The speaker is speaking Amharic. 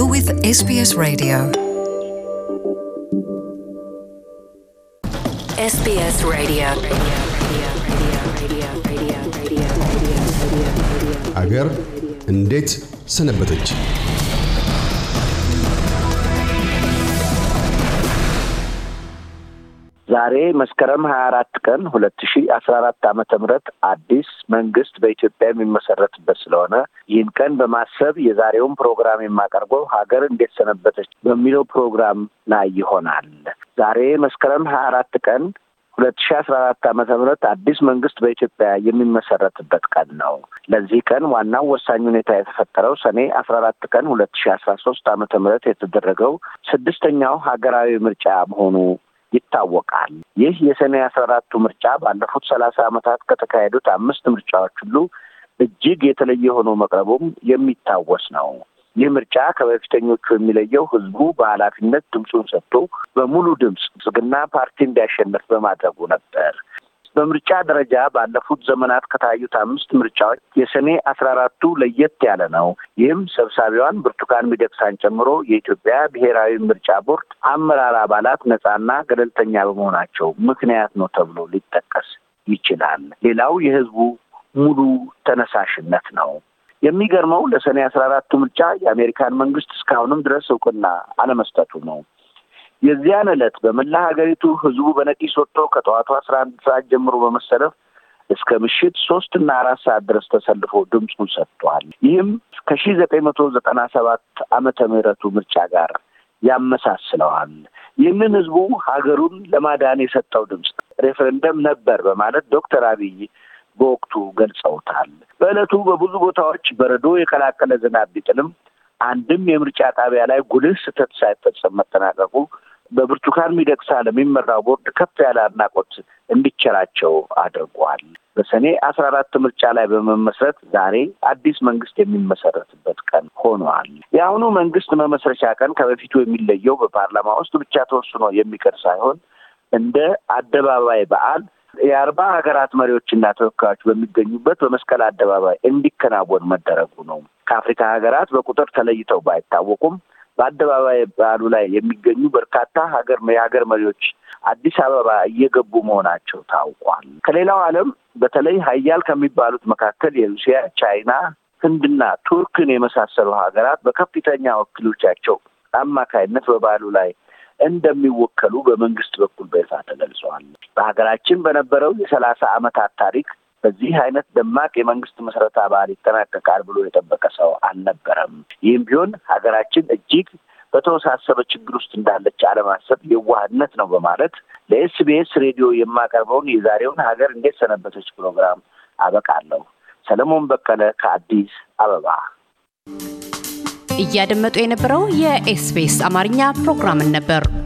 You're with SBS Radio. SBS Radio. አገር እንዴት ሰነበተች? ዛሬ መስከረም ሀያ አራት ቀን ሁለት ሺ አስራ አራት ዓመተ ምህረት አዲስ መንግስት በኢትዮጵያ የሚመሰረትበት ስለሆነ ይህን ቀን በማሰብ የዛሬውን ፕሮግራም የማቀርበው ሀገር እንዴት ሰነበተች በሚለው ፕሮግራም ላይ ይሆናል። ዛሬ መስከረም ሀያ አራት ቀን ሁለት ሺ አስራ አራት ዓመተ ምህረት አዲስ መንግስት በኢትዮጵያ የሚመሰረትበት ቀን ነው። ለዚህ ቀን ዋናው ወሳኝ ሁኔታ የተፈጠረው ሰኔ አስራ አራት ቀን ሁለት ሺ አስራ ሶስት ዓመተ ምህረት የተደረገው ስድስተኛው ሀገራዊ ምርጫ መሆኑ ይታወቃል። ይህ የሰኔ አስራ አራቱ ምርጫ ባለፉት ሰላሳ ዓመታት ከተካሄዱት አምስት ምርጫዎች ሁሉ እጅግ የተለየ ሆኖ መቅረቡም የሚታወስ ነው። ይህ ምርጫ ከበፊተኞቹ የሚለየው ህዝቡ በኃላፊነት ድምፁን ሰጥቶ በሙሉ ድምፅ ብልጽግና ፓርቲ እንዲያሸንፍ በማድረጉ ነበር። በምርጫ ደረጃ ባለፉት ዘመናት ከታዩት አምስት ምርጫዎች የሰኔ አስራ አራቱ ለየት ያለ ነው። ይህም ሰብሳቢዋን ብርቱካን ሚደቅሳን ጨምሮ የኢትዮጵያ ብሔራዊ ምርጫ ቦርድ አመራር አባላት ነጻና ገለልተኛ በመሆናቸው ምክንያት ነው ተብሎ ሊጠቀስ ይችላል። ሌላው የህዝቡ ሙሉ ተነሳሽነት ነው። የሚገርመው ለሰኔ አስራ አራቱ ምርጫ የአሜሪካን መንግስት እስካሁንም ድረስ እውቅና አለመስጠቱ ነው። የዚያን ዕለት በመላ ሀገሪቱ ህዝቡ በነቂስ ወጥቶ ከጠዋቱ አስራ አንድ ሰዓት ጀምሮ በመሰለፍ እስከ ምሽት ሶስት እና አራት ሰዓት ድረስ ተሰልፎ ድምፁን ሰጥቷል። ይህም ከሺ ዘጠኝ መቶ ዘጠና ሰባት አመተ ምህረቱ ምርጫ ጋር ያመሳስለዋል። ይህንን ህዝቡ ሀገሩን ለማዳን የሰጠው ድምፅ ሬፈረንደም ነበር በማለት ዶክተር አብይ በወቅቱ ገልጸውታል። በዕለቱ በብዙ ቦታዎች በረዶ የቀላቀለ ዝናብ ቢጥልም አንድም የምርጫ ጣቢያ ላይ ጉልህ ስህተት ሳይፈጸም መጠናቀቁ በብርቱካን ሚደቅሳ ለሚመራው ቦርድ ከፍ ያለ አድናቆት እንዲቸራቸው አድርጓል። በሰኔ አስራ አራት ምርጫ ላይ በመመስረት ዛሬ አዲስ መንግስት የሚመሰረትበት ቀን ሆኗል። የአሁኑ መንግስት መመስረቻ ቀን ከበፊቱ የሚለየው በፓርላማ ውስጥ ብቻ ተወስኖ የሚቀር ሳይሆን እንደ አደባባይ በዓል የአርባ ሀገራት መሪዎችና ተወካዮች በሚገኙበት በመስቀል አደባባይ እንዲከናወን መደረጉ ነው። ከአፍሪካ ሀገራት በቁጥር ተለይተው ባይታወቁም በአደባባይ በዓሉ ላይ የሚገኙ በርካታ ሀገር የሀገር መሪዎች አዲስ አበባ እየገቡ መሆናቸው ታውቋል። ከሌላው ዓለም በተለይ ሀያል ከሚባሉት መካከል የሩሲያ፣ ቻይና፣ ህንድና ቱርክን የመሳሰሉ ሀገራት በከፍተኛ ወኪሎቻቸው አማካይነት በበዓሉ ላይ እንደሚወከሉ በመንግስት በኩል በይፋ ተገልጸዋል። በሀገራችን በነበረው የሰላሳ ዓመታት ታሪክ በዚህ አይነት ደማቅ የመንግስት መሰረተ አባል ይጠናቀቃል ብሎ የጠበቀ ሰው አልነበረም። ይህም ቢሆን ሀገራችን እጅግ በተወሳሰበ ችግር ውስጥ እንዳለች አለማሰብ የዋህነት ነው በማለት ለኤስቢኤስ ሬዲዮ የማቀርበውን የዛሬውን ሀገር እንዴት ሰነበተች ፕሮግራም አበቃለሁ። ሰለሞን በቀለ ከአዲስ አበባ። እያደመጡ የነበረው የኤስቢኤስ አማርኛ ፕሮግራምን ነበር።